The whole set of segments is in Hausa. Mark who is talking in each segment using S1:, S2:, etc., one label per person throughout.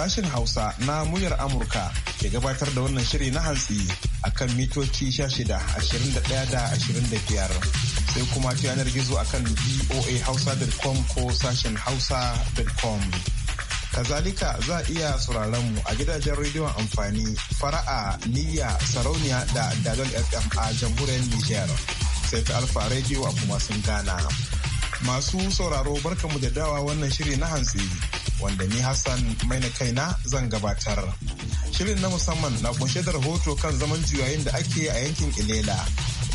S1: sashen Hausa na muryar Amurka ke gabatar da wannan shiri na hantsi kan mitoci 16, 21 da 25. Sai kuma ta yanar gizo a kan akan voahausa.com ko sashen hausa.com. Kazalika za a iya sauraron mu a gidajen rediyon amfani fara'a niyya sarauniya da dalol fm a jamhuriyar Nijar sai ta alfa rediyo a kuma sun gana. Masu sauraro mu da dawa wannan shiri na hantsi. wanda ni Hassan mai na kaina zan gabatar. Shirin na musamman na kunshe da rahoto kan zaman juyayin da ake a yankin Ilela.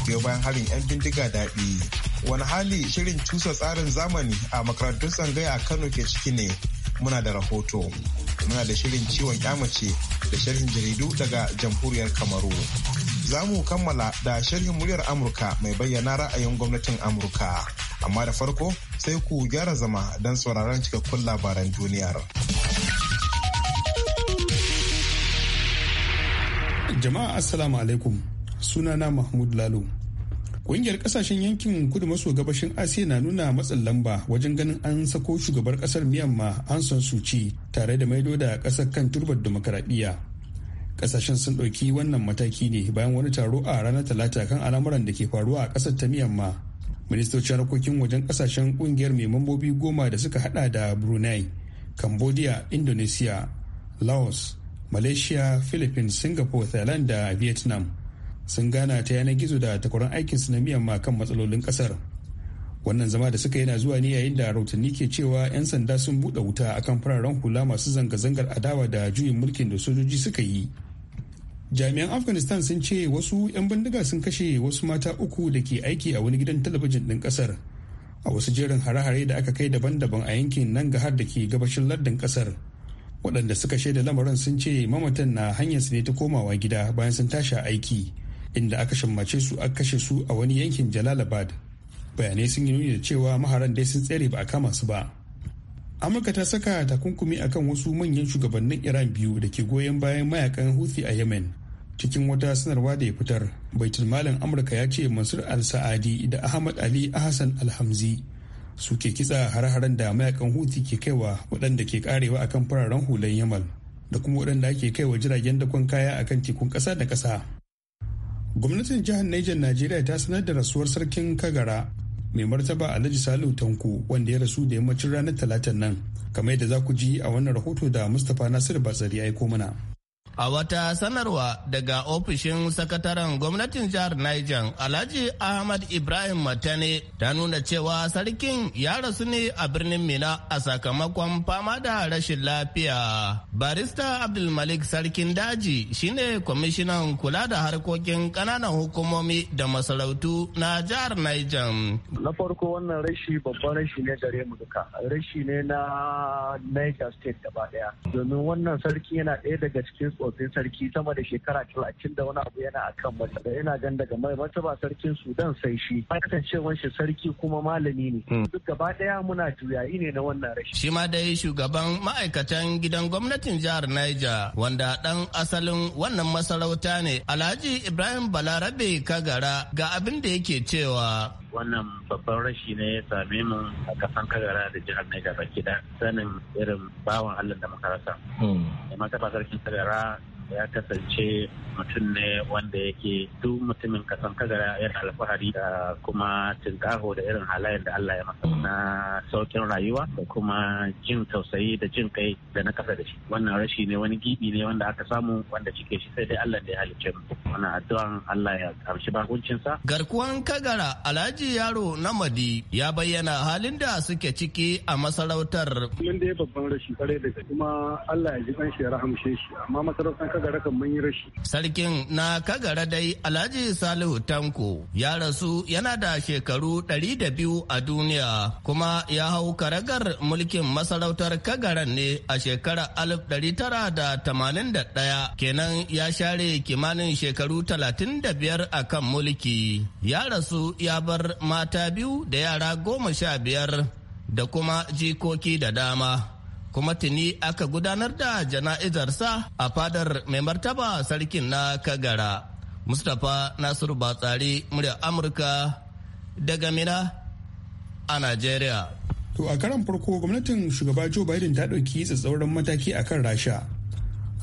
S1: Biyo bayan harin 'yan bindiga daɗi. Wani hali shirin tusa tsarin zamani a makarantun tsangaya a Kano ke ciki ne. Muna da rahoto. Muna da shirin ciwon mace da sharhin jaridu daga jamhuriyar Kamaru. Za mu kammala da sharhin muryar Amurka mai bayyana ra'ayin gwamnatin Amurka. amma da farko sai ku gyara zama don sauraron cikakkun labaran duniyar.
S2: Jama'a Assalamu alaikum sunana Mahmud Lalo. Ƙungiyar ƙasashen yankin kudu maso gabashin Asiya na nuna matsin lamba wajen ganin an sako shugabar ƙasar Myanmar an San suci ci tare da maido da ƙasar kan turbar demokaradiyya. Ƙasashen sun ɗauki wannan mataki ne bayan wani taro a ranar Talata kan al'amuran da ke faruwa a ƙasar ta Myanmar ministocin harkokin wajen kasashen kungiyar mai mambobi goma da suka hada da brunei cambodia indonesia laos malaysia philippines singapore thailand da vietnam sun gana ta yanar gizo da takwarar su na miyamma kan matsalolin kasar wannan zama da suka yana zuwa ne yayin da rautanni ke cewa 'yan sanda sun buɗe wuta akan fararen hula masu zanga-zangar adawa da juyin mulkin da sojoji suka yi jami'an afghanistan sun ce wasu 'yan bindiga sun kashe wasu mata uku da ke aiki a wani gidan talabijin ɗin ƙasar a wasu jerin hare-hare da aka kai daban-daban a yankin nan ga har da ke gabashin lardin ƙasar waɗanda suka shaida lamarin sun ce mamatan na hanyar su ne ta komawa gida bayan sun tashi aiki inda aka shammace su a kashe su a wani yankin jalalabad bayanai sun yi nuni da cewa maharan dai sun tsere ba a kama su ba amurka ta saka takunkumi akan wasu manyan shugabannin iran biyu da ke goyon bayan mayakan houthi a yemen cikin wata sanarwa da ya fitar baitul malin amurka ya ce mansur al-sa'adi da ahmad ali ahsan alhamzi su ke kitsa har-haren da mayakan huti ke kaiwa waɗanda ke karewa akan fararen hulan yamal da kuma waɗanda ake kaiwa jiragen dakon kaya akan tekun ƙasa da ƙasa gwamnatin jihar niger najeriya ta sanar da rasuwar sarkin kagara mai martaba alhaji salihu tanko wanda ya rasu da yammacin ranar talatan nan kamar yadda za ku ji a wannan rahoto da mustapha nasiru batsari ya aiko mana
S3: A wata sanarwa daga ofishin sakataren gwamnatin jihar Niger, Alhaji Ahmad Ibrahim Matane ta nuna cewa sarkin ya rasu ne a birnin Mina a sakamakon fama da rashin lafiya. Barista Abdulmalik Sarkin Daji shine kwamishinan kula da harkokin ƙananan hukumomi da masarautu na jihar Niger. Na farko wannan rashi babban
S4: rashi ne gare mu duka. Rashi ne na Niger State gaba daya. Domin wannan sarki yana ɗaya daga cikin tsofin sarki sama da shekara talatin da wani abu yana akan mulki da ina gan daga mai martaba sarkin sudan sai shi ce shi sarki kuma malami ne hmm. duk
S5: gaba daya muna juyayi ne na wannan
S4: rashin
S3: shi ma dai shugaban ma'aikatan gidan gwamnatin jihar Niger wanda dan asalin wannan masarauta ne Alhaji Ibrahim Balarabe Kagara ga abin da yake cewa
S6: wannan babban rashi ne ya same mu a kasan kagara da jihar Niger baki da sanin irin bawan Allah da muka rasa. Hmm. Mai mataba sarkin kagara ya kasance mutum ne wanda yake duk mutumin kasan kagara yana alfahari da kuma tunkaho da irin halayen da Allah ya masa na saukin rayuwa da kuma jin tausayi da jin kai da na kasa da shi wannan rashi ne wani gibi ne wanda aka samu wanda cike shi sai dai Allah da ya halicce mu wannan addu'an Allah ya karshi bakuncin
S3: garkuwan kagara Alhaji Yaro Namadi ya bayyana halin da suke ciki a masarautar
S4: mun dai babban rashi kare da kuma Allah ya ji
S3: kan shi ya rahamshe shi amma masarautar kagara kan mun yi rashi Sarkin na Kagara dai Alhaji Salihu Tanko ya rasu yana da shekaru 200 a duniya kuma ya hau karagar mulkin masarautar Kagaran ne a shekarar 1981 kenan ya share kimanin shekaru 35 a kan mulki. Ya rasu ya bar mata biyu da yara goma sha biyar da kuma jikoki da dama. kuma tuni aka gudanar da jana'izarsa a fadar mai martaba sarkin na Kagara. Mustapha Nasiru Batsari murya Amurka daga Mina a Najeriya.
S2: To a karan farko gwamnatin shugaba Joe Biden ta ɗauki tsatsauran mataki akan Rasha.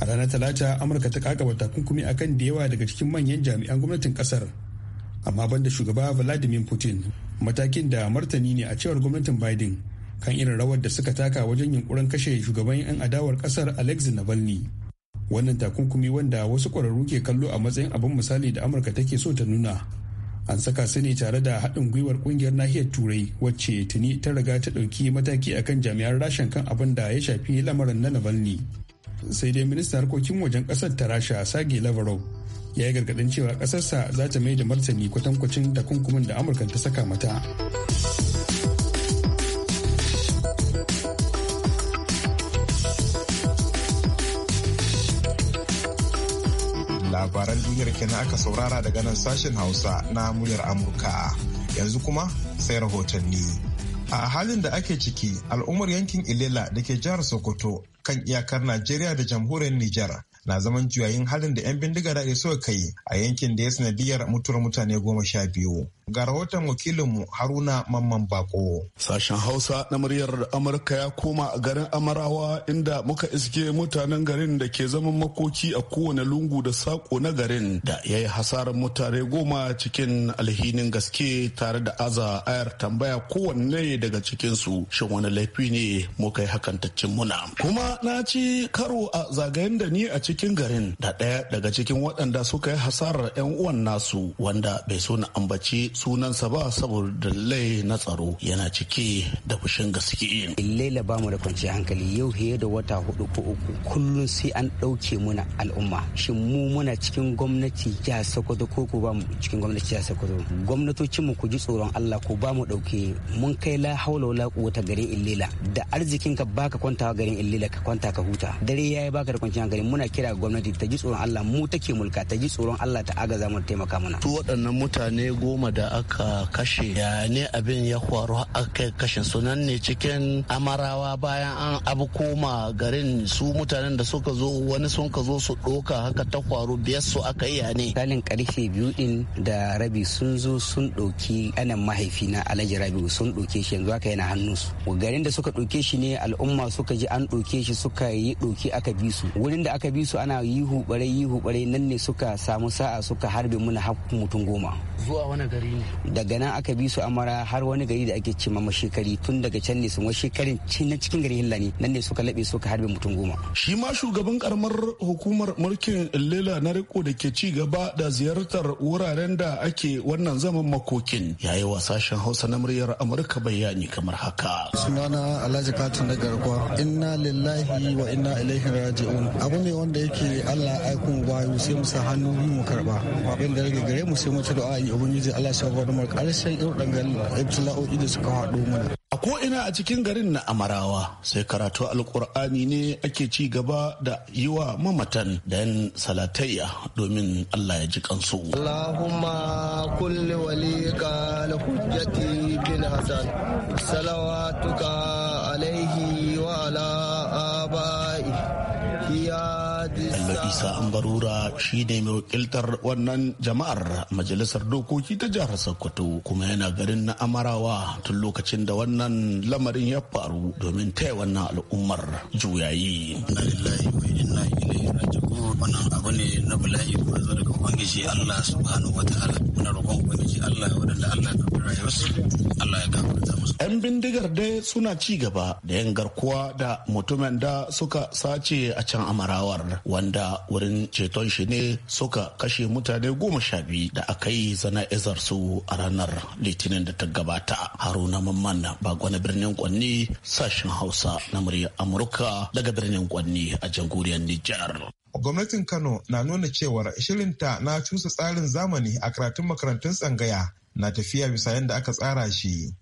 S2: A ranar Talata Amurka ta kakaba takunkumi akan da yawa daga cikin manyan jami'an gwamnatin kasar. Amma banda shugaba Vladimir Putin matakin da martani ne a cewar gwamnatin Biden kan irin rawar da suka taka wajen yunkurin kashe shugaban 'yan adawar kasar alexei navalny wannan takunkumi wanda wasu ƙwararru ke kallo a matsayin abin misali da amurka take so ta nuna an saka su ne tare da haɗin gwiwar ƙungiyar nahiyar turai wacce tuni ta riga ta ɗauki mataki akan jami'an rashin kan abin da ya shafi lamarin na navalny sai dai ministan harkokin wajen ƙasar ta rasha sage lavarov ya yi gargaɗin cewa ƙasarsa za ta mai da martani kwatankwacin takunkumin da amurka ta saka mata.
S1: labaran duniyar kenan aka saurara daga nan sashen hausa na muryar amurka yanzu kuma sai rahotanni a halin da ake ciki al'ummar yankin ilela da ke jihar sokoto kan iyakar najeriya da jamhuriyar nijar na zaman juyayin halin da 'yan bindiga da suka kai a yankin da ya sanadiyar mutuwar mutane goma sha biyu Ga rahoton wakilinmu Haruna Mamman Bako.
S4: Sashen Hausa na muryar Amurka ya koma a garin Amarawa inda muka iske mutanen garin da ke zaman makoki a kowane lungu da sako na garin da ya yi hasarar mutane goma cikin alhinin gaske tare da aza ayar tambaya kowanne daga cikinsu shin wani laifi ne muka yi hakantaccen muna. Kuma na ci karo a zagayen da ni a cikin garin da ɗaya daga cikin waɗanda suka yi hasarar 'yan uwan nasu wanda bai so na ambaci sunan sunansa ba saboda lai na tsaro yana cike
S7: da fushin gaske. Laila ba mu da kwanci hankali yau fiye da wata hudu ko uku kullum sai an dauke muna al'umma. Shin mu muna cikin gwamnati ya Sokoto ko ko ba mu cikin gwamnati ya Sokoto. Gwamnatocin mu ku ji tsoron Allah ko ba mu ɗauke mun kai la haula wala quwwata garin Illela da arzikin ka baka kwantawa garin Illela ka kwanta ka huta. Dare yayi baka da kwanci hankali muna kira gwamnati ta ji tsoron Allah mu take mulka ta ji tsoron Allah ta agaza mu taimaka mana.
S4: Su waɗannan mutane goma da da aka kashe ya ne abin ya faru aka kashe sunan ne cikin amarawa bayan an abu koma garin su mutanen da suka zo
S7: wani sun ka zo su doka haka
S4: ta faru biyar
S7: su aka yi ya ne. Kalin karfe biyu din da rabi sun zo sun doki anan mahaifi na Alhaji rabi sun doke shi yanzu haka yana hannu su. Garin da suka doke shi ne al'umma suka ji an doke shi suka yi doki aka bi su. Wurin da aka bi su ana yi hubare yi hubare nan ne suka samu sa'a suka harbe muna har mutum goma. zuwa wani gari ne daga nan aka bi su amara har wani gari da ake cimma shekari tun daga can ne sun shekarin na cikin gari hilla ne nan ne suka laɓe suka harbe mutum goma shi ma shugaban
S4: karamar hukumar mulkin lela na riko da ke ci gaba da ziyartar wuraren da ake wannan zaman makokin yayi wa sashen hausa na muryar amurka bayani kamar haka sunana alhaji katin na garkuwa inna lillahi wa inna ilaihi raji'un abu ne wanda yake allah aikun wayo sai mu sa hannu mu karba abin da rage gare mu sai mu ci do'a ubangiji Allah sa gwada mu karshen irin ibtila'o'i da suka haɗo mana a ko ina a cikin garin na amarawa sai karatu alkur'ani ne ake ci gaba da yi wa mamatan da yan salatayya domin Allah ya ji kansu
S8: Allahumma
S3: kulli walika al-hujjati bin hasan salawatuka
S4: isa ambarura shi ne mai wakiltar wannan jama'ar majalisar dokoki ta jihar sokoto kuma yana garin na amarawa tun lokacin da wannan lamarin ya faru domin taya wannan al'ummar juyayi. wannan abu ne na bala'i ko zo daga ubangiji Allah subhanahu wataala muna roƙon ubangiji Allah wadanda Allah ya rayuwarsu Allah ya gafarta musu yan bindigar dai suna ci gaba da yan garkuwa da mutumin da suka sace a can amarawar wanda wurin ceton shi ne suka kashe mutane goma sha biyu da aka yi zana'izar su a ranar litinin da ta gabata haruna mamman bago na birnin kwanni sashen hausa na murya amurka daga birnin kwanni a jamhuriyar nijar
S1: gwamnatin kano na nuna cewar shirinta na cusa tsarin zamani a karatun makarantun tsangaya na tafiya bisa yadda aka tsara shi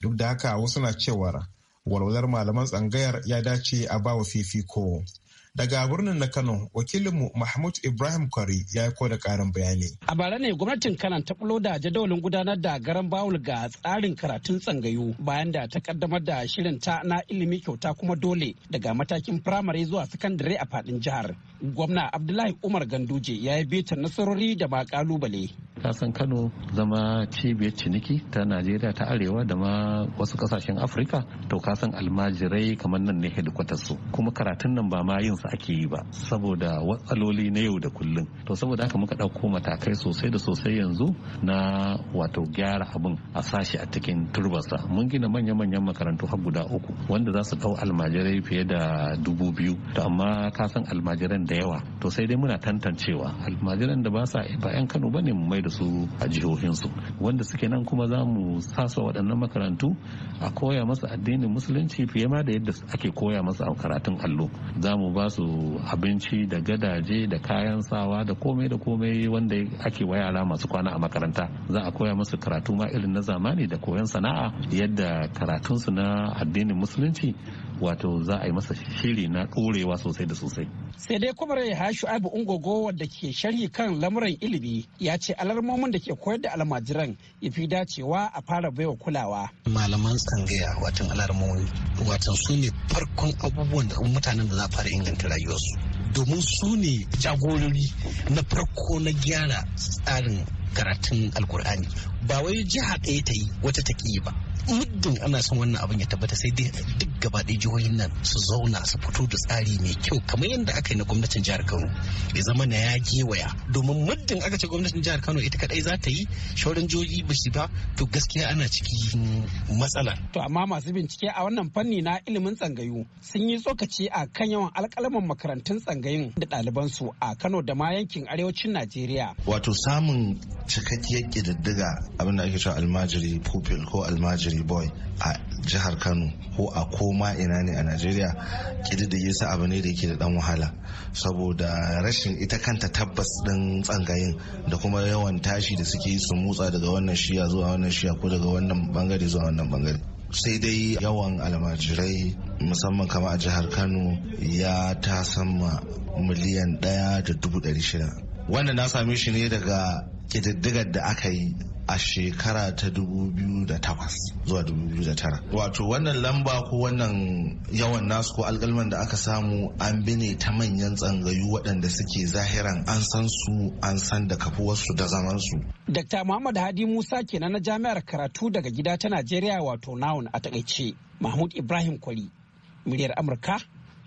S1: duk da haka wasu na cewar walwalar malaman tsangayar ya dace a bawa fifiko daga birnin na kano wakilinmu mahmud ibrahim kwari ya yi da karin bayani
S7: a bara ne gwamnatin Kano ta bulo da jadawalin gudanar da garan bawul ga tsarin karatun tsangayu bayan da ta kaddamar da shirin ta na ilimi kyauta kuma dole daga matakin firamare zuwa sakandare a fadin jihar gwamna abdullahi umar ganduje ya yi beta nasarori da ma kalubale
S6: san kano zama cibiyar ciniki ta najeriya ta arewa da ma wasu kasashen afirka to kasan almajirai kamar nan ne hedikwatar su kuma karatun nan ba ma yin su ake yi ba saboda watsaloli na yau da kullum to saboda haka muka ɗauko matakai sosai da sosai yanzu na wato gyara abin a sashi a cikin turbasa mun gina manya-manyan makarantu har guda uku wanda za su ɗau almajirai fiye da dubu biyu to amma kasan almajiran da yawa to sai dai muna tantancewa almajiran da ba sa ba 'yan kano ba ne mu mai da su a jihohinsu wanda suke nan kuma za mu sasa waɗannan makarantu a koya masu addinin musulunci fiye ma da yadda ake koya masu a karatun allo za mu ba su abinci da gadaje da kayan sawa da komai da komai wanda ake wa yara masu kwana a makaranta za a koya masu karatu ma irin na zamani da koyon sana'a yadda karatunsu na addinin musulunci wato za a yi masa shiri na ɗorewa sosai da sosai.
S7: sai dai kuma rai hashu abu ungogo wadda ke sharhi kan lamuran ilimi ya ce alarmomin da ke koyar da almajiran ya fi dacewa a fara baiwa kulawa. malaman tsangaya watan alarmomi watan su ne farkon abubuwan da mutanen da za a fara inganta rayuwarsu domin su ne jagorori na farko na gyara tsarin karatun alkur'ani ba wai jiha ɗaya ta yi wata ta ba muddin ana son wannan abin ya tabbata sai dai gabaɗaya jihohin nan su zauna su fito da tsari mai kyau kamar yadda aka yi na gwamnatin jihar kano ya zama na ya waya domin muddin aka ce gwamnatin jihar kano ita kadai za ta yi shauran jihohi ba shi ba to gaskiya ana cikin matsala. to amma masu bincike a wannan fanni na ilimin tsangayu sun yi tsokaci a kan yawan alkalaman makarantun tsangayin. da su a kano da ma yankin arewacin najeriya.
S9: wato samun cikakkiyar kididdiga abin da ake cewa almajiri pupil ko almajiri boy a jihar kano ko a koma ina ne a najeriya ƙididdige yasa abu ne da yake da dan wahala saboda rashin ita kanta tabbas din tsangayin da kuma yawan tashi da suke su motsa daga wannan shiya zuwa wannan shiya ko daga wannan bangare zuwa wannan bangare sai dai yawan almajirai musamman kama a jihar kano ya sama miliyan ɗaya da dubu ɗari shida wannan na same shi ne daga kididdigar da aka yi a shekara ta 2008 zuwa 2009 wato wannan lamba ko wannan yawan nasu ko alkalman da aka samu an bi ne ta manyan tsangayu waɗanda suke zahiran an san su an san da kafuwarsu da zaman su
S7: Dr. Muhammad Hadi Musa kenan na jami'ar karatu daga gida ta Najeriya wato Noun a takaice Mahmud Ibrahim Kwali muryar Amurka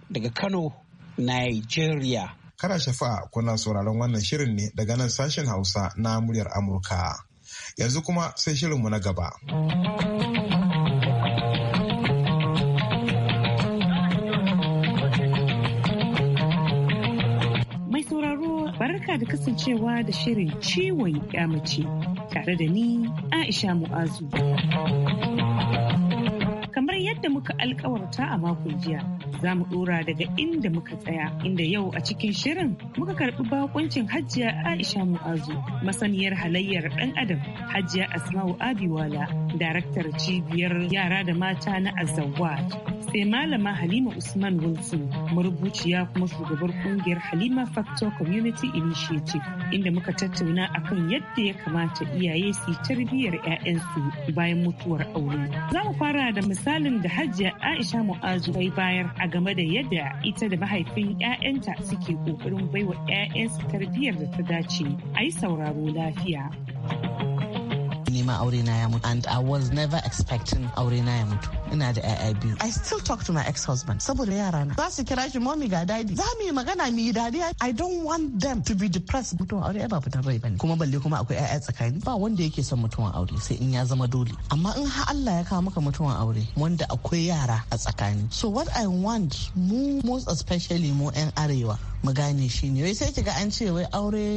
S7: daga Kano, Nigeria.
S1: Kana shafa kuna sauraron wannan shirin ne daga nan sashen Hausa na muryar Amurka. yanzu kuma sai shirinmu na gaba.
S5: Mai sauraro barka da kasancewa da shirin ciwon mace tare da ni Aisha Mu'azu. yadda muka alkawarta a makon jiya za mu dora daga inda muka tsaya inda yau a cikin shirin muka karbi bakoncin hajjiya aisha mu'azu masaniyar halayyar dan adam hajjiya asma'u abiwala daraktar cibiyar yara da mata na azawaj sai malama halima usman wilson marubuciya kuma shugabar kungiyar halima factor community initiative inda muka tattauna akan yadda ya kamata iyaye su tarbiyyar 'ya'yansu bayan mutuwar aure za mu fara da misalin da hajiya aisha mu'azu bai bayar a game da yadda ita da mahaifin 'ya'yanta suke kokarin baiwa 'ya'yansu tarbiyyar da ta dace a yi sauraro lafiya
S8: ma aure na ya mutu and I was never expecting aure na ya mutu ina da ƴaƴa biyu i still talk to my ex-husband saboda yara na za su kira shi mommy ga daddy za mu yi magana mu yi dariya i don't want them to be depressed mutuwan aure ba fitar rai bane kuma balle kuma akwai ƴaƴa tsakani ba wanda yake son mutuwan aure sai in ya zama dole amma in har Allah ya kawo maka mutuwan aure wanda akwai yara a tsakani so what i want mu most especially mu 'yan arewa mu gane shi ne wai sai kiga an ce wai aure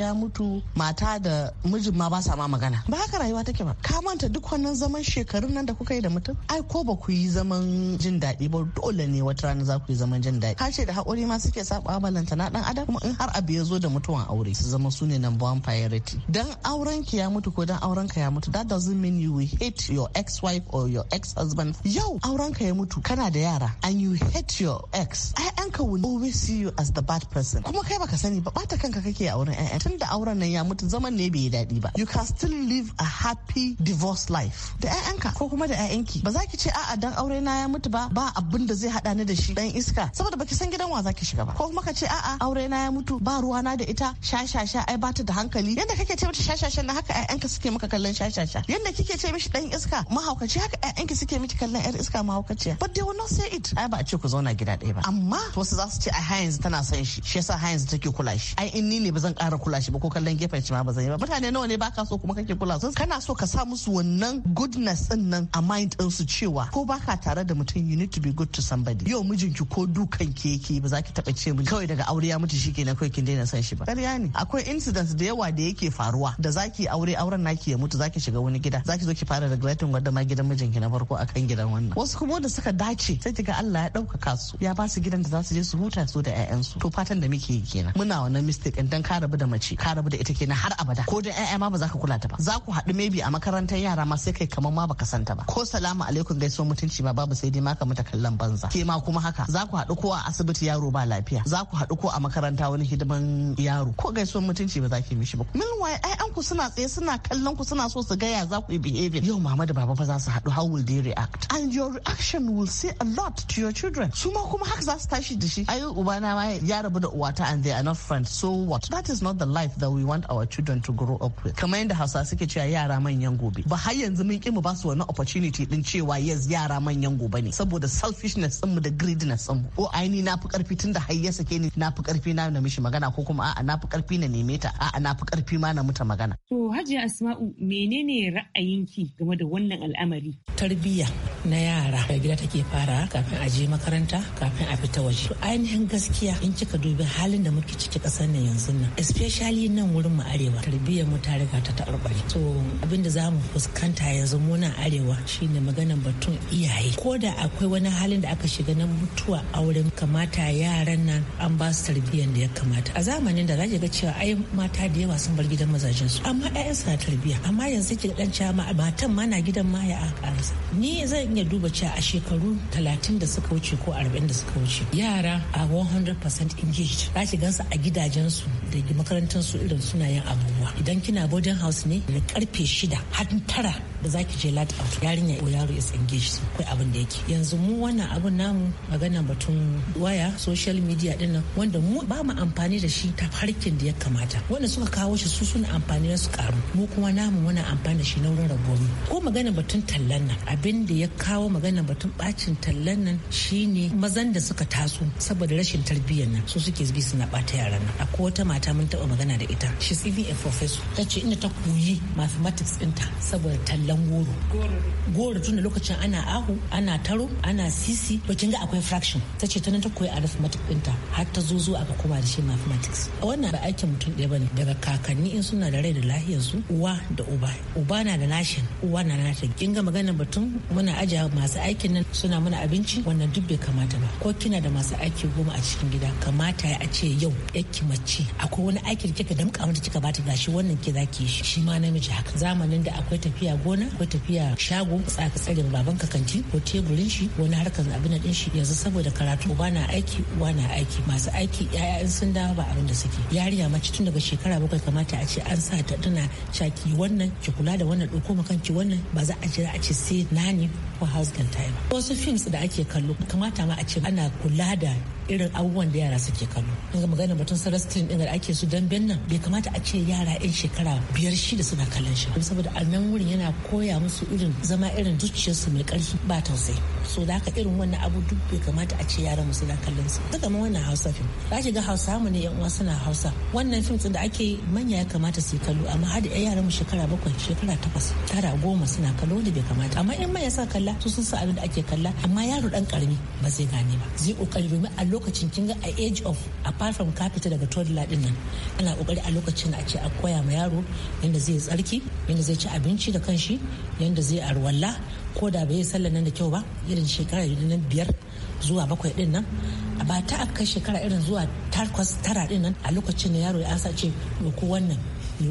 S8: ya mutu mata da mijin ma ba sa ma magana ba haka rayuwa take ba ka manta duk wannan zaman shekarun nan da kuka yi da mutum ai ko ba ku yi zaman jin daɗi ba dole ne wata rana za ku yi zaman jin daɗi harshe da haƙuri ma suke saba balanta na ɗan adam kuma in har abu ya zo da mutuwan aure su zama su ne number one priority dan auren ki ya mutu ko dan auren ka ya mutu that doesn't mean you will hate your ex wife or your ex husband yau auren ka ya mutu kana da yara and you hate your ex ƴaƴanka will always see you as the bad person kuma kai baka sani ba bata kanka kake auren wurin tunda auren nan ya mutu zaman ne bai yi daɗi ba you can still live a happy divorce life da ƴaƴanka ko kuma da ƴaƴanki ba za ki ce ce a'a dan aure na ya mutu ba ba abin da zai hada ni da shi dan iska saboda baki san gidan wa zaki shiga ba ko kuma ka ce a'a aure na ya mutu ba ruwa na da ita shashasha ai bata da hankali yanda kake ce mata shashasha na haka ƴaƴanka suke maka kallon shashasha yanda kike ce mishi dan iska ma mahaukaci haka ƴaƴanki suke miki kallon yar iska mahaukaciya but they will not say it ai ba a ce ku zauna gida ɗaya ba amma wasu za su ce ai ha yanzu tana son shi shi yasa har yanzu take kula shi ai in ni ne ba zan ƙara kula shi ba ko kallon gefen shi ma ba zan yi ba mutane nawa ne baka so kuma kake kula su kana so ka sa musu wannan goodness din nan a mind din su cewa cewa ko baka tare da mutum you need to be good to somebody yau mijinki ko dukan ke yake ba za ki taba ce kawai daga aure ya mutu shikenan kawai kin daina san shi ba ƙarya ne akwai incidents da yawa da yake faruwa da zaki aure auren naki ya mutu zaki shiga wani gida zaki zo ki fara regretting gwada ma gidan mijinki na farko akan gidan wannan wasu kuma da suka dace sai ki ga Allah ya ɗaukaka su ya ba su gidan da za su je su huta su da 'ya'yansu to fatan da muke yi kenan muna wannan mistake dan ka rabu da mace ka rabu da ita kenan har abada ko da 'ya'ya ma ba za ka kula ta ba za ku haɗu maybe a makarantar yara ma sai kai kamar ma baka santa ba ko salamu alaikum gaisuwar mutunci ma babu sai dai ma ka kallon banza ke ma kuma haka za ku haɗu ko a asibiti yaro ba lafiya za ku haɗu ko a makaranta wani hidiman yaro ko gaisuwar mutunci ba za ki mishi ba meanwhile ai ku suna tsaye suna kallon ku suna so su gaya za ku yi behavior yau mama da baba fa za su haɗu how will they react and your reaction will say a lot to your children su ma kuma haka za su tashi da shi ai na ma ya rabu da uwata and they are not friends so what that is not the life that we want our children to grow up with kamar yadda hausa suke cewa yara manyan gobe ba har yanzu mun ki mu ba su wani opportunity din cewa yes yara manyan gobe ne saboda selfishness din mu da greediness din mu ko aini na fi karfi tunda har ya sake ni fi karfi na na mishi magana ko kuma a'a na fi karfi na neme ta a'a fi karfi ma na muta magana
S5: to Hajji asma'u menene ra'ayinki game da wannan al'amari tarbiyya
S10: na yara da gida take fara kafin a je makaranta kafin a fita waje ainihin gaskiya in kika dubi halin da muke ciki kasar nan yanzu nan especially nan wurin mu arewa tarbiyyar mu ta riga ta taɓarɓare to abinda zamu fuskanta yanzu mu nan arewa shine maganar mutum iyaye ko da akwai wani halin da aka shiga na mutuwa a auren kamata yaran nan an ba su tarbiyyar da ya kamata a zamanin da zaki ga cewa ai mata da yawa sun bar gidan mazajen su amma ƴaƴan su tarbiyya amma yanzu ki dan cewa matan ma na gidan ma ya karasa ni zan iya duba cewa a shekaru talatin da suka wuce ko arba'in da suka wuce yara a 100% engaged za ki gansu a gidajen su da makarantar su irin suna yin abubuwa idan kina boarding house ne da karfe shida har tara da ki je lat out yarinya ko yaro is engaged kai abin da yake yanzu mu wannan abun namu magana batun waya social media din nan wanda mu ba mu amfani da shi ta harkin da ya kamata wanda suka kawo shi su suna amfani da su karu mu kuma namu muna amfani da shi na wurin rabuwa ko magana batun tallan nan abin da ya kawo magana batun bacin tallan nan shine mazan da suka taso saboda rashin tarbiyyar nan su suke bi suna bata yaran nan akwai wata mata mun taba magana da ita she's even a professor tace inda ta koyi mathematics ɗinta saboda tallan tallan goro goro tun da lokacin ana ahu ana taro ana sisi bakin kin ga akwai fraction ta ce ta ta koyi arithmetic ɗinta har ta zo zo aka koma da shi mathematics wannan ba aikin mutum ɗaya bane daga kakanni in suna da rai da lahiyar su uwa da uba uba na da nashin uwa na nata kin ga maganar batun muna aja masu aikin nan suna mana abinci wannan duk bai kamata ba ko kina da masu aiki goma a cikin gida kamata a ce yau yaki mace akwai wani aikin da kika damka wanda kika bata gashi wannan ke zaki shi shi ma namiji haka zamanin da akwai tafiya gona gona ko tafiya shago tsaka tsarin baban ka kanti ko teburin shi wani harkan abin din shi yanzu saboda karatu ba na aiki uwa na aiki masu aiki yaya sun dawo ba abin da suke yariya mace tun daga shekara bakwai kamata a ce an sa ta tana shaki wannan ki kula da wannan ɗauko makanki wannan ba za a jira a ce sai nani ko husband time wasu films da ake kallo kamata ma a ce ana kula da irin abubuwan da yara suke kallo ga magana batun sarastin din da ake su damben nan bai kamata a ce yara yan shekara biyar shida suna kallon shi saboda a nan wurin yana koya musu irin zama irin zuciyarsu mai karfi ba tausayi so da haka irin wannan abu duk bai kamata a ce yara musu suna kallon su daga ma wannan hausa fim za ki ga hausa mu ne yan uwa suna hausa wannan fim din da ake manya ya kamata su kallo amma har da yaran mu shekara bakwai shekara takwas tara goma suna kallo wanda bai kamata amma in manya sa kalla su sun sa abin da ake kalla amma yaro dan karami ba zai gane ba zai kokari domin a lokacin kinga a age of apart from ka fita daga toddler din nan ana kokari a lokacin a ce a koya ma yaro yanda zai tsarki yanda zai ci abinci da kanshi yanda zai arwalla ko da bai sallan nan da kyau ba irin shekara nan biyar zuwa bakwai din nan ba ta a kai shekara irin zuwa takwas tara din nan a lokacin da yaro ya asa ce ko wannan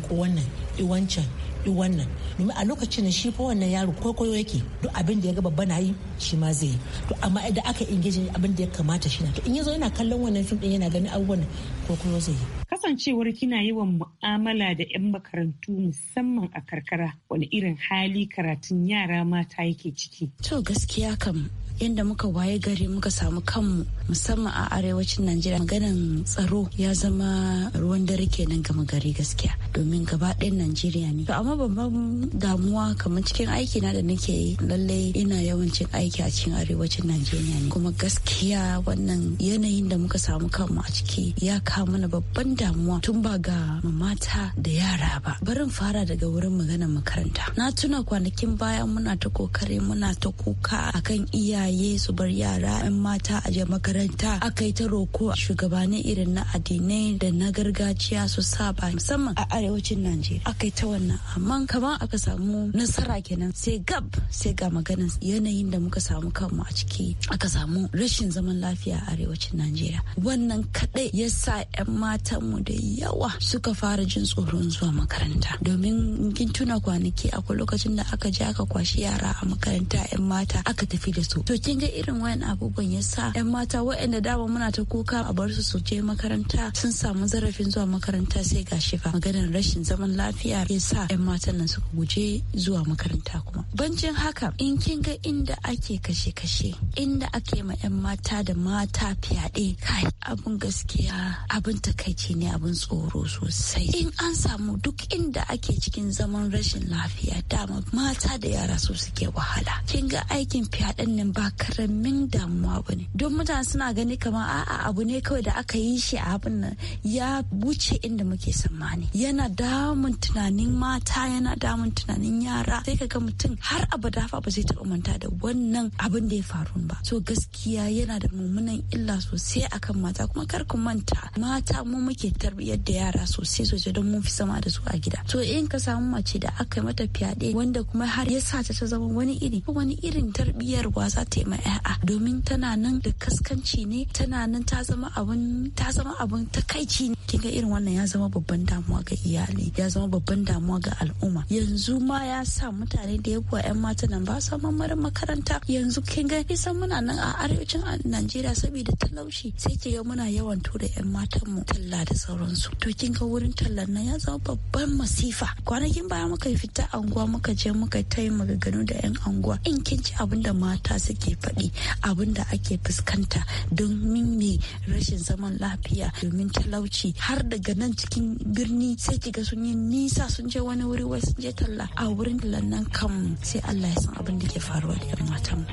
S10: ko wannan iwancan yi wannan domin a lokacin da shi fa wannan yaro kwaikwayo yake duk abin da ya ga babba na yi shi ma zai yi to amma idan aka ingejin abin da ya kamata shi na to in yazo yana kallon wannan fim din yana ganin abubuwan kwaikwayo zai yi
S5: kasancewar kina yawan mu'amala da 'yan makarantu musamman a
S11: karkara wani irin hali karatun yara mata yake ciki to gaskiya kam yadda muka waye gari muka samu kanmu musamman a arewacin najeriya maganan tsaro ya zama ruwan dare kenan gama gari gaskiya domin gaba ɗayan najeriya ne amma babban damuwa kamar cikin aiki na da nake yi lallai ina yawancin aiki a cikin arewacin najeriya ne kuma gaskiya wannan yanayin da muka samu kanmu a ciki ya kawo mana babban damuwa tun ba ga mata da yara ba barin fara daga wurin maganar makaranta na tuna kwanakin baya muna ta kokari muna ta kuka akan iyaye iyaye su bar yara 'yan mata a makaranta aka yi ta roko shugabanni irin na addinai da na gargajiya su sa ba musamman a arewacin najeriya aka yi ta wannan amma kamar aka samu nasara kenan sai gab sai ga magana yanayin da muka samu kanmu a ciki aka samu rashin zaman lafiya a arewacin najeriya wannan kadai ya sa 'yan matanmu da yawa suka fara jin tsoron zuwa makaranta domin kin tuna kwanaki akwai lokacin da aka je aka kwashi yara a makaranta 'yan mata aka tafi da su to kin ga irin wayan abubuwan ya sa yan mata waɗanda dama muna ta kuka a bar su su je makaranta sun samu zarafin zuwa makaranta sai gashi fa maganar rashin zaman lafiya ya sa yan matan nan suka guje zuwa makaranta kuma bancin haka in kin ga inda ake kashe-kashe inda ake ma yan mata da mata fyaɗe kai abun gaskiya abun takaici ne abin tsoro sosai in an samu duk inda ake cikin zaman rashin lafiya dama mata da yara su suke wahala kin ga aikin fyaɗen nan ba karamin damuwa ba ne don mutane suna gani kamar a'a abu ne kawai da aka yi shi a abin nan ya wuce inda muke tsammani yana damun tunanin mata yana damun tunanin yara sai ka ga mutum har abada fa ba zai taɓa manta da wannan abin da ya faru ba so gaskiya yana da mummunan illa sosai akan mata kuma kar ku manta mata mu muke tarbiyyar da yara sosai sosai don mun fi sama da su a gida to in ka samu mace da aka yi mata fyaɗe wanda kuma har ya sa ta zama wani iri wani irin tarbiyyar wasa ta ma ya'a domin tana nan da kaskanci ne tana nan ta zama abun ta zama abun takaici ne kin ga irin wannan ya zama babban damuwa ga iyali ya zama babban damuwa ga al'umma yanzu ma ya sa mutane da ya kuwa 'yan mata nan ba su mamarin makaranta yanzu kinga ga kisan muna nan a arewacin Najeriya saboda talauci sai ki ga muna yawan tura 'yan matan mu talla da sauransu to kinga wurin tallan nan ya zama babban masifa kwanakin baya muka fita anguwa muka je muka taimaka ganu da 'yan anguwa in kin ci abin da mata suke ake faɗi abin da ake fuskanta don me rashin zaman lafiya domin talauci har daga nan cikin birni sai kiga sun yi nisa sun je wani wuri wai sun je talla a wurin lannan kan sai Allah ya san abin da ke faruwa da yan matan.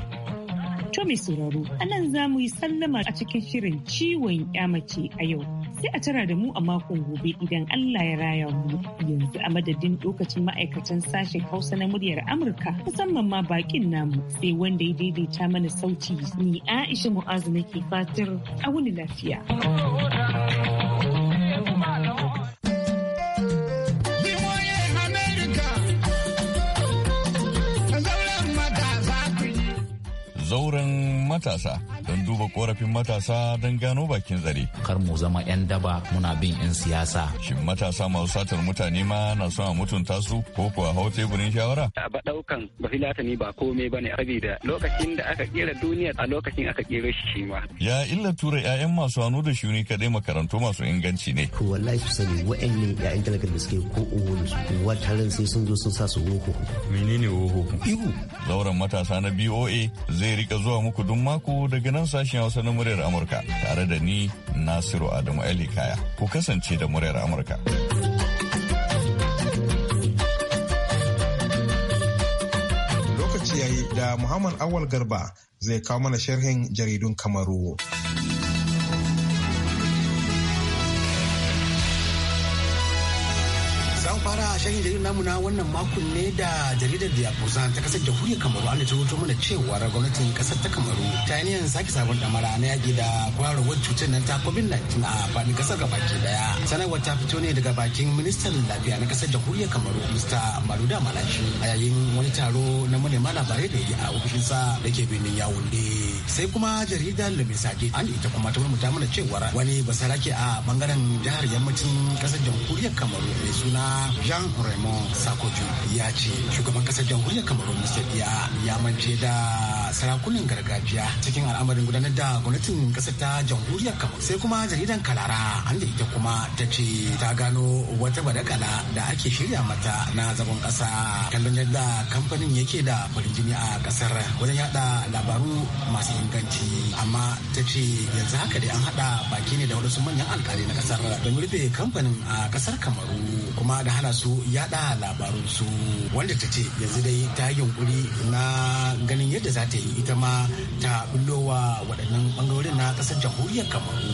S5: To mai sauraro, anan za mu yi sallama a cikin shirin ciwon ya mace a yau. sai a tara da mu a makon gobe idan Allah ya raya mu yanzu a madadin lokacin ma'aikatan sashen Hausa na muryar Amurka musamman ma bakin namu sai wanda ya daidaita mana sauti ni Aisha Mu'azu nake fatar a wuni lafiya.
S12: Zauren matasa. don duba korafin matasa don gano bakin zare. Kar mu zama 'yan daba muna bin 'yan siyasa. Shin matasa masu satar mutane ma na son a mutunta su ko kuwa
S7: hau teburin shawara? A ba ɗaukan ba filatani ba komai ba ne da lokacin da aka kera duniya a lokacin aka kera shi shi ma.
S12: Ya illa tura 'ya'yan masu hannu da shuni kadai makarantu masu inganci ne. Ko wallahi su sani ne 'ya'yan talakar da suke ko uwanu su ran sai sun zo sun sa su woho. Menene woho? Ihu. Zauren matasa na BOA zai rika zuwa muku duk mako daga nan nan sashen Hausa na muryar Amurka tare da ni Nasiru Adamu Elikaya. Ku kasance da muryar Amurka.
S1: Lokaci ya yi da Muhammad Awal Garba zai kawo mana sharhin jaridun Kamaru.
S13: fara shirin jaridar namu na wannan makon ne da jaridar da yakusa ta kasar jamhuriyar kamaru an ta rubuto mana cewar gwamnatin kasar ta kamaru ta niyan sake sabon damara na yaki da kwararwar cutar nan ta covid-19 a faɗin kasar gabaki daya sanarwar ta fito ne daga bakin ministan lafiya na kasar jamhuriyar kamaru mr maluda malashi a yayin wani taro na manema labarai da ya a sa. da ke birnin yawunde sai kuma jaridar sake an ita kuma ta rubuta mana cewa wani basarake a bangaren jihar yammacin kasar jamhuriyar kamaru mai suna jean raymond sakoju ya ce shugaban kasar jamhuriyar kamaru mr ya mance da sarakunan gargajiya cikin al'amarin gudanar da gwamnatin ƙasar ta jamhuriyar kamar sai kuma jaridan kalara an da ita kuma ta ce ta gano wata badakala da ake shirya mata na zagon ƙasa kallon yadda kamfanin yake da farin jini a kasar. wajen yada labaru masu inganci amma ta ce yanzu haka dai an hada baki ne da wasu manyan alkali na kasar don rufe kamfanin a ƙasar kamaru kuma da hana su yada labarun su wanda ta ce yanzu dai ta yi yunkuri na ganin yadda za ta yi ita ma ta bullowa waɗannan ɓangarorin na ƙasar jamhuriyar kamaru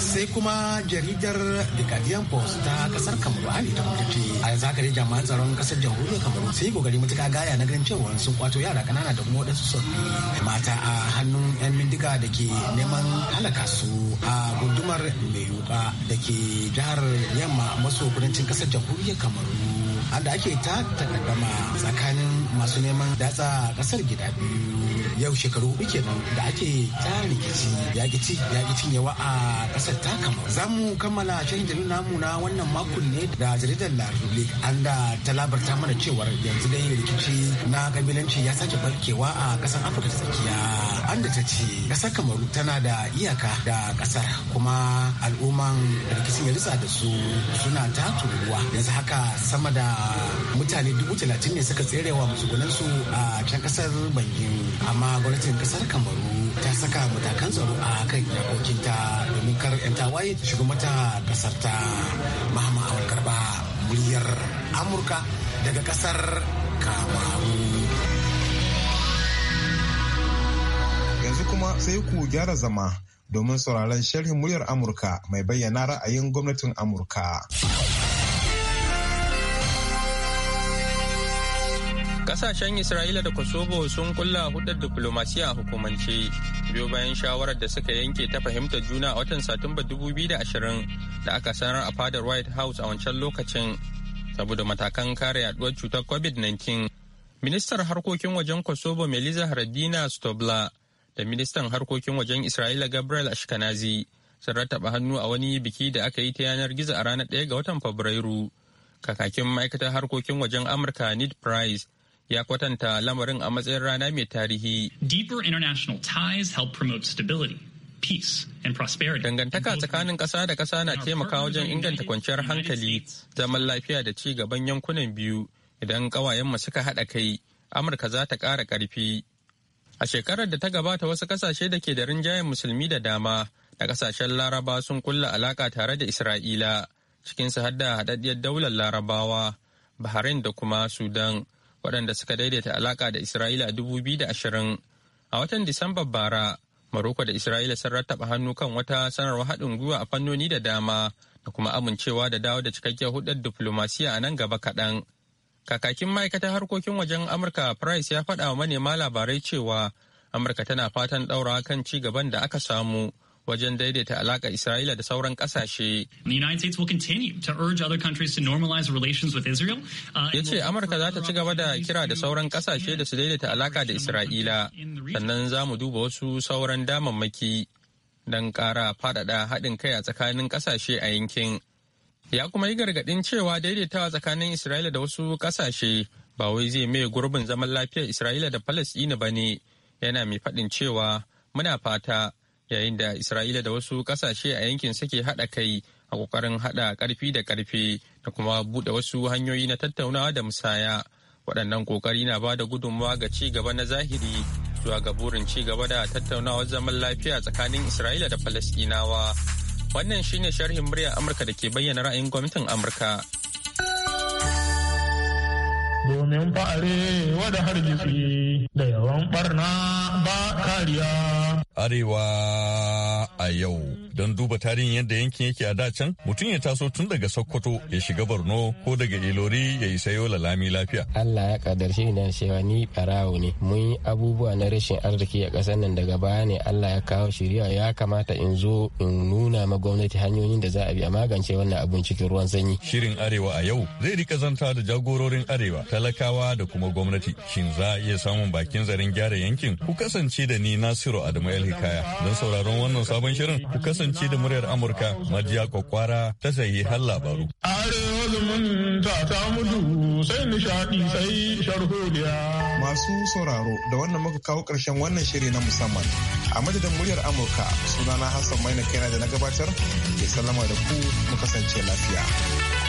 S13: sai kuma jaridar the guardian post ta ƙasar kamaru hali ta ce a dai jami'an tsaron ƙasar jamhuriyar kamaru sai gogari matuƙa gaya na ganin cewa sun kwato yara ƙanana da kuma waɗansu sabbi mata a hannun 'yan bindiga da ke neman halaka su a gundumar mai da ke jihar yamma maso kudancin ƙasar jamhuriyar kamaru anda ake ta takaddama tsakanin masu neman datsa kasar gida biyu yau shekaru uku kenan da ake tsara rikici ya gici ya gicin yawa a kasar ta kamar za mu kammala shirin da namu na wannan makon ne da jaridar republic an da ta mana cewar yanzu dai rikici na kabilanci ya sake barkewa a kasar afirka ta tsakiya an da ta ce kasar kamaru tana da iyaka da kasar kuma al'umman rikicin ya da su suna ta turuwa yanzu haka sama da mutane dubu talatin ne suka tserewa matsugunansu a can kasar bangin, amma gwamnatin kasar Kamaru ta saka matakan tsaro a kan iyakokinta domin kar 'yan tawaye ta shiga mata kasar ta Mahama a karba muryar Amurka daga kasar Kamaru.
S1: Yanzu kuma sai ku gyara zama domin sauraron sharhin muryar Amurka mai bayyana ra'ayin gwamnatin Amurka.
S14: Kasashen Isra'ila da Kosovo sun kulla hudar diplomasiya a hukumance biyo bayan shawarar da suka yanke ta fahimtar juna a watan Satumba 2020 da aka sanar a fadar White House a wancan lokacin saboda matakan kare yaduwar cutar COVID-19. Ministar harkokin wajen Kosovo Melissa Haradina Stobla da ministan harkokin wajen Isra'ila Gabriel Ashkenazi sun rattaba hannu a wani biki da aka yi ta yanar gizo a ranar 1 ga watan Fabrairu. Kakakin ma'aikatar harkokin wajen Amurka Ned Price ya kwatanta lamarin a matsayin rana mai tarihi. Deeper international ties help promote stability. Dangantaka tsakanin ƙasa da ƙasa na taimaka wajen inganta kwanciyar hankali, zaman lafiya da ci gaban yankunan biyu idan ƙawayenmu suka haɗa kai, Amurka za ta ƙara ƙarfi. A shekarar da ta gabata wasu ƙasashe da ke da rinjayen musulmi da dama da ƙasashen Laraba sun kulla alaƙa tare da Isra'ila, cikinsu har da haɗaɗɗiyar daular Larabawa, Bahrain da kuma Sudan. waɗanda suka daidaita alaƙa da Isra'ila a ashirin. A watan Disambar bara, Maroko da Isra'ila sun rattaba hannu kan wata sanarwar haɗin gwiwa a fannoni da dama da kuma amincewa da dawo da cikakkiyar hudar diflomasiya a nan gaba kaɗan. Kakakin ma'aikatar harkokin wajen Amurka Price ya faɗa wa manema labarai cewa Amurka tana fatan ɗaura kan ci gaban da aka samu wajen daidaita alaƙa Isra'ila da sauran ƙasashe. Uh, ya ce Amurka za ta ci gaba da kira da sauran ƙasashe da su daidaita alaƙa da Isra'ila, sannan za mu duba wasu sauran damammaki don ƙara faɗaɗa haɗin kai a tsakanin ƙasashe a yankin. Ya kuma yi gargaɗin cewa daidaitawa tsakanin Isra'ila da wasu ƙasashe ba wai zai mai gurbin zaman lafiyar Isra'ila da Falasɗina ba ne, yana mai faɗin cewa muna fata yayin da isra'ila da wasu kasashe a yankin suke haɗa kai a ƙoƙarin haɗa ƙarfi da karfe da kuma buɗe wasu hanyoyi na tattaunawa da musaya waɗannan kokari na bada da gudunmawa ga ci gaba na zahiri zuwa ga burin ci gaba da tattaunawar zaman lafiya tsakanin isra'ila da falasɗinawa wannan shine sharhin murya amurka da ke bayyana ra'ayin gwamnatin amurka domin fa'are wada hargitsi da yawan barna ba kariya
S12: Arewa a yau. Don duba tarihin yadda yankin yake a dacan, mutum ya taso tun daga Sokoto ya shiga Borno ko daga Ilori ya isa sayo lalami lafiya.
S14: Allah ya kadarci na cewa ni barawo ne. Mun abubuwa na rashin arziki a kasar nan daga baya ne Allah ya kawo shiriya ya kamata in zo in nuna ma gwamnati hanyoyin da za a bi a magance wannan abun cikin ruwan sanyi.
S12: Shirin Arewa a yau zai rika zanta da jagororin Arewa, talakawa da kuma gwamnati. Shin za a iya samun bakin zarin gyara yankin? Ku kasance da ni Nasiru Adamu Hikaya. Don sauraron wannan sabon shirin ku kasance da muryar Amurka majiya kwakwara ta sayi har labaru.
S14: Arewa zumunta ta mudu sai nishadi
S1: sai Masu sauraro da wannan muka kawo karshen wannan shiri na musamman. A madadin muryar Amurka sunana Hassan Maina kaina da na gabatar ke sallama da ku mu kasance lafiya.